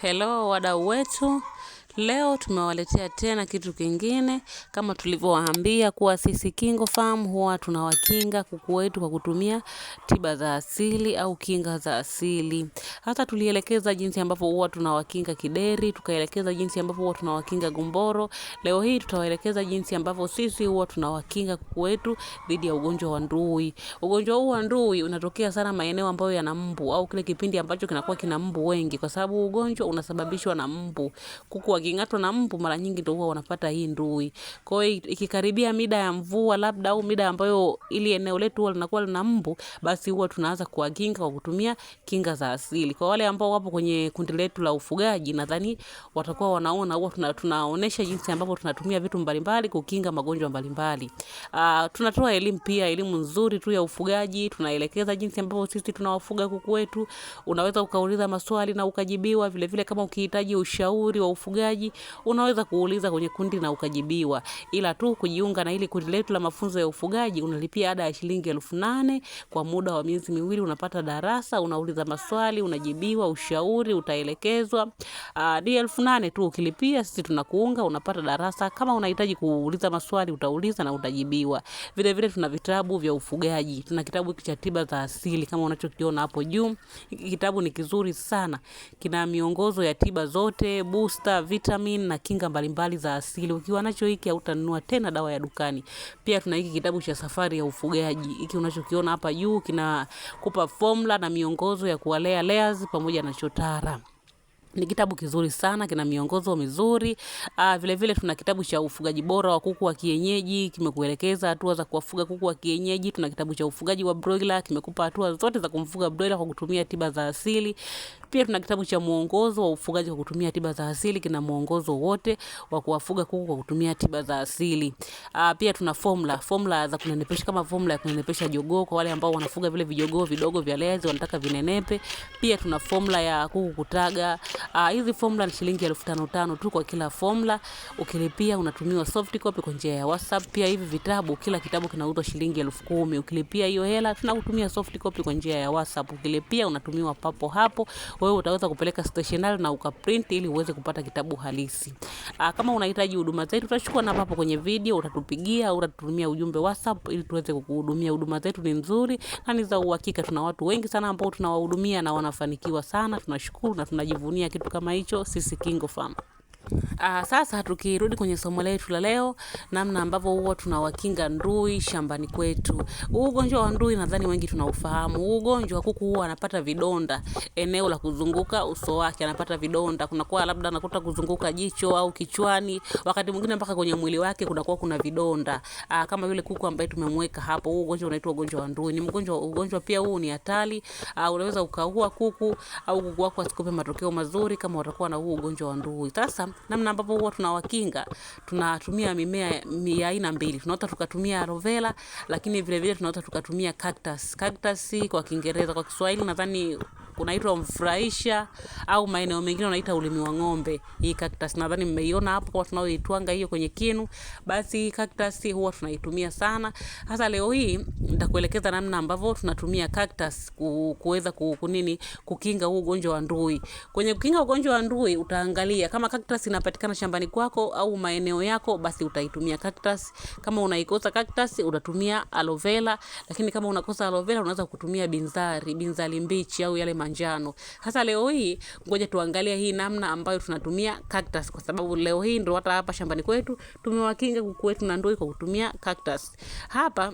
Hello wadau wetu, Leo tumewaletea tena kitu kingine, kama tulivyowaambia kuwa sisi Kingo Farm huwa tunawakinga kuku wetu kwa kutumia tiba za asili au kinga za asili. Hata tulielekeza jinsi ambavyo huwa tunawakinga kideri, tukaelekeza jinsi ambavyo huwa tunawakinga gumboro. Leo hii tutawaelekeza jinsi ambavyo sisi huwa tunawakinga kuku wetu dhidi ya ugonjwa wa ndui. Ugonjwa huu wa ndui unatokea sana maeneo ambayo yana mbu au kile kipindi ambacho kinakuwa kina mbu wengi, kwa sababu ugonjwa unasababishwa na mbu. Kuku wa waking'atwa na mbu mara nyingi ndio huwa wanapata hii ndui. Kwa hiyo ikikaribia mida ya mvua labda au mida ambayo ili eneo letu huwa linakuwa lina mbu, basi huwa tunaanza kuwakinga kwa kutumia kinga za asili. Kwa wale ambao wapo kwenye kundi letu la ufugaji, nadhani watakuwa wanaona huwa tuna, tunaonesha jinsi ambavyo tunatumia vitu mbalimbali kukinga magonjwa mbalimbali. Uh, tunatoa elimu pia, elimu nzuri tu ya ufugaji, tunaelekeza jinsi ambavyo sisi tunawafuga kuku wetu. Unaweza ukauliza maswali na ukajibiwa, vile vile kama ukihitaji ushauri wa ufugaji mahitaji, unaweza kuuliza kwenye kundi na ukajibiwa. Ila tu kujiunga na ili kundi letu la mafunzo ya ufugaji, unalipia ada ya shilingi elfu nane kwa muda wa miezi miwili. Unapata darasa, unauliza maswali, unajibiwa, ushauri, utaelekezwa. Uh, ni elfu nane tu, ukilipia sisi tunakuunga, unapata darasa. Kama unahitaji kuuliza maswali, utauliza na utajibiwa. Vile vile tuna vitabu vya ufugaji, tuna kitabu cha tiba za asili kama unachokiona hapo juu. Kitabu ni kizuri sana, kina miongozo ya tiba zote, booster, vita vitamin na kinga mbalimbali za asili. Ukiwa nacho hiki hautanunua tena dawa ya dukani. Pia tuna hiki kitabu cha safari ya ufugaji. Hiki unachokiona hapa juu kinakupa formula na miongozo ya kuwalea layers pamoja na chotara. Ni kitabu kizuri sana, kina miongozo mizuri. Aa, ah, vile vile tuna kitabu cha ufugaji bora wa kuku wa kienyeji, kimekuelekeza hatua za kuwafuga kuku wa kienyeji. Tuna kitabu cha ufugaji wa broiler, kimekupa hatua zote za kumfuga broiler kwa kutumia tiba za asili. Pia tuna kitabu cha mwongozo wa ufugaji kwa kutumia tiba za asili, kina mwongozo wote wa kuwafuga kuku kwa kutumia tiba za asili. Uh, pia tuna formula, formula za kunenepesha kama formula ya kunenepesha jogoo kwa wale ambao wanafuga vile vijogoo vidogo vya lezi wanataka vinenepe. Pia tuna formula ya kuku kutaga. Uh, hizi formula ni shilingi elfu tano tano tu kwa kila formula. Ukilipia unatumiwa soft copy kwa njia ya WhatsApp. Pia hivi vitabu kila kitabu kinauzwa shilingi elfu kumi. Ukilipia hiyo hela tunakutumia soft copy kwa njia ya WhatsApp. Ukilipia unatumiwa papo hapo. Kwa hiyo utaweza kupeleka stationery na ukaprint ili uweze kupata kitabu halisi. Aa, ah, kama unahitaji huduma zetu utachukua namba hapo kwenye video, utatupigia au utatutumia ujumbe WhatsApp ili tuweze kukuhudumia. Huduma zetu ni nzuri na ni za uhakika. Tuna watu wengi sana ambao tunawahudumia na wanafanikiwa sana. Tunashukuru na tunajivunia kitu kama hicho sisi KingoFarm. Uh, sasa tukirudi kwenye somo letu la leo, namna ambavyo huwa tunawakinga ndui shambani kwetu. Huu ugonjwa wa ndui nadhani wengi tunaufahamu. Huu ugonjwa kuku huwa anapata vidonda eneo la kuzunguka uso wake, anapata vidonda, kunakuwa labda anakuta kuzunguka jicho au kichwani, wakati mwingine mpaka kwenye mwili wake kunakuwa kuna vidonda. Uh, kama yule kuku ambaye tumemweka hapo. Huu ugonjwa unaitwa ugonjwa wa ndui. Ni mgonjwa ugonjwa pia huu ni hatari. Uh, unaweza ukaua kuku au kuku wako asikupe matokeo mazuri kama watakuwa na huu ugonjwa wa ndui. Sasa namna ambavyo huwa tunawakinga, tunatumia mimea ya aina mbili. tunaota tukatumia aloe vera, lakini vile vile tunaota tukatumia cactus. Cactus kwa Kiingereza, kwa Kiswahili nadhani unaitwa mfurahisha au maeneo mengine wanaita ulimi wa ng'ombe. Hii cactus nadhani mmeiona hapo kwa tunaoitwanga hiyo kwenye kinu. Basi hii cactus huwa tunaitumia sana. Hasa leo hii nitakuelekeza namna ambavyo tunatumia cactus kuweza kunini kukinga huu ugonjwa wa ndui. Kwenye kukinga ugonjwa wa ndui utaangalia kama cactus inapatikana shambani kwako au maeneo yako, basi utaitumia cactus. Kama unaikosa cactus utatumia aloe vera, lakini kama unakosa aloe vera unaweza kutumia binzari, binzari mbichi au yale manjano. njano. Sasa leo hii ngoja tuangalie hii namna ambayo tunatumia cactus kwa sababu leo hii ndo hata hapa shambani kwetu tumewakinga kuku wetu na ndui kwa kutumia cactus. Hapa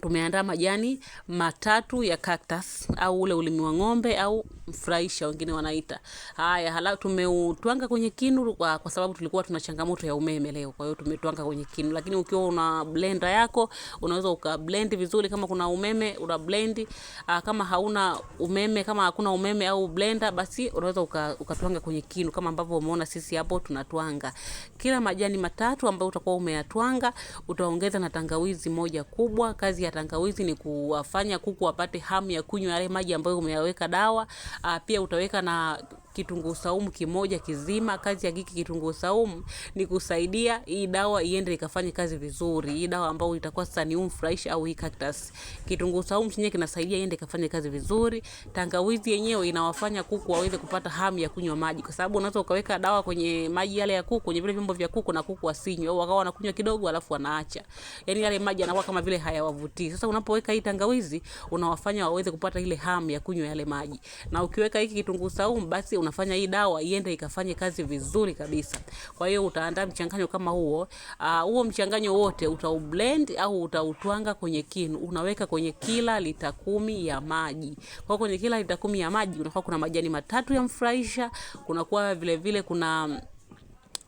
tumeandaa majani matatu ya cactus au ule ulimi wa ng'ombe au mfurahisha wengine wanaita haya. Halafu tumeutwanga kwenye kinu kwa, kwa sababu tulikuwa tuna changamoto ya umeme leo, kwa hiyo tumetwanga kwenye kinu, lakini ukiwa una blender yako unaweza uka blend vizuri, kama kuna umeme una blend, ah, kama hauna umeme, kama hakuna umeme au blender, basi unaweza ukatwanga uka kwenye kinu kama ambavyo umeona sisi hapo tunatwanga. Kila majani matatu ambayo utakuwa umeyatwanga utaongeza na tangawizi moja kubwa. Kazi ya tangawizi ni kuwafanya kuku wapate hamu ya kunywa yale maji ambayo umeyaweka dawa Ah, pia utaweka na kitunguu saumu kimoja kizima. Kazi ya hiki kitunguu saumu ni kusaidia hii dawa iende ikafanye kazi vizuri, hii dawa ambayo itakuwa sasa ni umfresh au hii cactus. Kitunguu saumu chenyewe kinasaidia iende ikafanye kazi vizuri. Tangawizi yenyewe inawafanya kuku waweze kupata hamu ya kunywa maji, kwa sababu unaweza ukaweka dawa kwenye maji yale ya kuku, kwenye vile vyombo vya kuku na kuku wasinywe, au wakawa wanakunywa kidogo alafu wanaacha, yani yale maji yanakuwa kama vile hayawavutii. Sasa unapoweka hii tangawizi unawafanya waweze kupata ile hamu ya kunywa yale maji, na ukiweka hiki kitunguu saumu basi unafanya hii dawa iende ikafanye kazi vizuri kabisa. Kwa hiyo utaandaa mchanganyo kama huo. Uh, huo mchanganyo wote utaublend au utautwanga kwenye kinu. Unaweka kwenye kila lita kumi ya maji. Kwa kwenye kila lita kumi ya maji unakuwa kuna majani matatu ya mfurahisha, kunakuwa vile vile kuna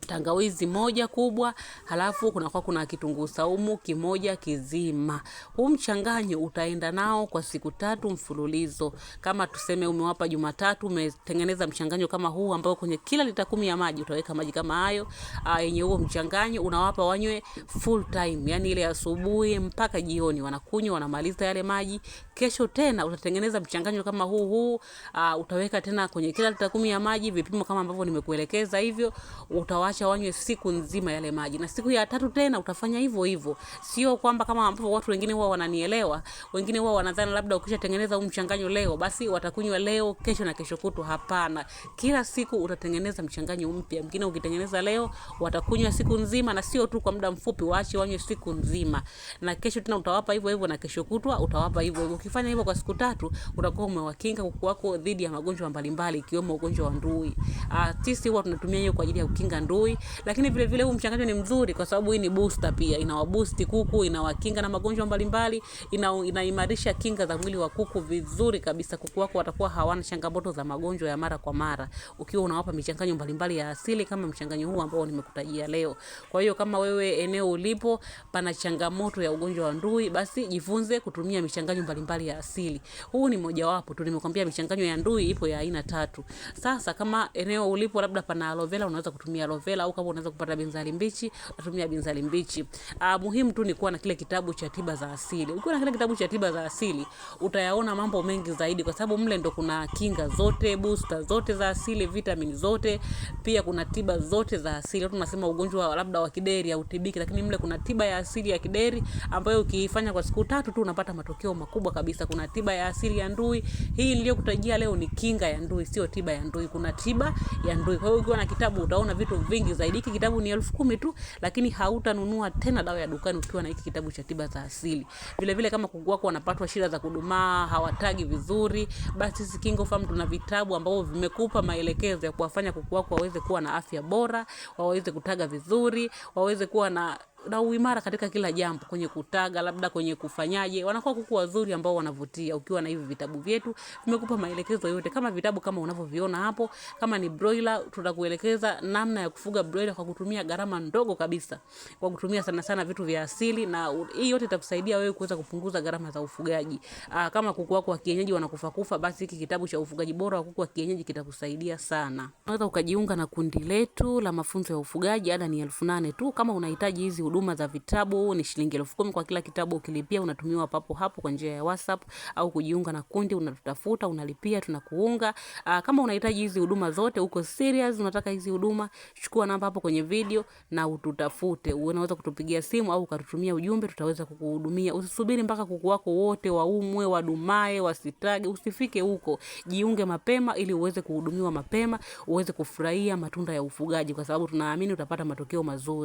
tangawizi moja kubwa, halafu kunakuwa kuna kitunguu saumu kimoja kizima. Huu mchanganyo utaenda nao kwa siku tatu mfululizo. Kama tuseme umewapa Jumatatu, umetengeneza mchanganyo kama huu ambao kwenye kila lita kumi ya maji utaweka maji kama hayo ah, yenye huo mchanganyo, unawapa wanywe full time, yani ile asubuhi mpaka jioni, wanakunywa wanamaliza yale maji. Kesho tena utatengeneza mchanganyo kama huu huu, ah, utaweka tena kwenye kila lita kumi ya maji vipimo kama ambavyo nimekuelekeza hivyo utawa acha wanywe siku nzima yale maji, na siku ya tatu tena utafanya hivyo hivyo. Sio kwamba kama ambavyo watu wengine wao wananielewa, wengine wao wanadhani labda ukishatengeneza huu mchanganyo leo, basi watakunywa leo, kesho na kesho kutu. Hapana, kila siku utatengeneza mchanganyo mpya. Mwingine ukitengeneza leo, watakunywa siku nzima, na sio tu kwa muda mfupi, waache wanywe siku nzima, na kesho tena utawapa hivyo hivyo, na kesho kutwa utawapa hivyo hivyo. Ukifanya hivyo kwa siku tatu, utakuwa umewakinga kuku wako dhidi ya magonjwa mbalimbali, ikiwemo ugonjwa wa ndui. Ah, sisi huwa tunatumia hiyo kwa ajili ya kukinga ndui asubuhi, lakini vile vile huu mchanganyo ni mzuri kwa sababu hii ni booster pia, inawabusti kuku, inawakinga na magonjwa mbalimbali, ina, inaimarisha kinga za mwili wa kuku vizuri kabisa. Kuku wako watakuwa hawana changamoto za magonjwa ya mara kwa mara ukiwa unawapa michanganyo mbalimbali ya asili kama mchanganyo huu ambao nimekutajia leo. Kwa hiyo kama wewe eneo ulipo pana changamoto ya ugonjwa wa ndui, basi jifunze kutumia michanganyo mbalimbali ya asili. Huu ni mojawapo tu, nimekwambia michanganyo ya ndui ipo ya aina tatu. Sasa kama eneo ulipo labda pana aloe vera, unaweza kutumia aloe vera Mandela au kama unaweza kupata binzari mbichi unatumia binzari mbichi. Ah, muhimu tu ni kuwa na kile kitabu cha tiba za asili. Ukiwa na kile kitabu cha tiba za asili utayaona mambo mengi zaidi, kwa sababu mle ndo kuna kinga zote, booster zote za asili, vitamini zote, pia kuna tiba zote za asili. Watu nasema ugonjwa labda wa kideri hautibiki, lakini mle kuna tiba ya asili ya kideri ambayo ukiifanya kwa siku tatu tu unapata matokeo makubwa kabisa. Kuna tiba ya asili ya ndui. Hii niliyokutajia leo ni kinga ya ndui, sio tiba ya ndui. Kuna tiba ya ndui. Kwa hiyo ukiwa na kitabu utaona vitu vingi nyingi zaidi. Hiki kitabu ni elfu kumi tu, lakini hautanunua tena dawa ya dukani ukiwa na hiki kitabu cha tiba za asili. Vile vile kama kuku wako wanapatwa shida za kudumaa, hawatagi vizuri, basi sisi KingoFarm tuna vitabu ambavyo vimekupa maelekezo ya kuwafanya kuku wako waweze kuwa na afya bora, waweze kutaga vizuri, waweze kuwa na na uimara katika kila jambo, kwenye kutaga, labda kwenye kufanyaje. Wanakuwa kuku wazuri ambao wanavutia. Ukiwa na hivi vitabu vyetu, tumekupa maelekezo yote, kama vitabu kama unavyoviona hapo. Kama ni broiler, tutakuelekeza namna ya kufuga broiler kwa kutumia gharama ndogo kabisa, kwa kutumia sana sana vitu vya asili, na hii yote itakusaidia wewe kuweza kupunguza gharama za ufugaji. Aa, ah, kama kuku wako wa kienyeji wanakufa kufa, basi hiki kitabu cha ufugaji bora wa kuku wa kienyeji kitakusaidia sana. Unaweza ukajiunga na kundi letu la mafunzo ya ufugaji, ada ni elfu nane tu kama unahitaji hizi huduma huduma za vitabu ni shilingi elfu kumi kwa kila kitabu. Ukilipia unatumiwa papo hapo kwa njia ya WhatsApp au kujiunga na kundi, unatutafuta, unalipia, tunakuunga. Aa, ah, kama unahitaji hizi huduma zote, uko serious, unataka hizi huduma, chukua namba hapo kwenye video na ututafute. Unaweza kutupigia simu au ukatutumia ujumbe, tutaweza kukuhudumia. Usisubiri mpaka kuku wako wote waumwe, wadumae, wasitage, usifike huko. Jiunge mapema ili uweze kuhudumiwa mapema, uweze kufurahia matunda ya ufugaji, kwa sababu tunaamini utapata matokeo mazuri.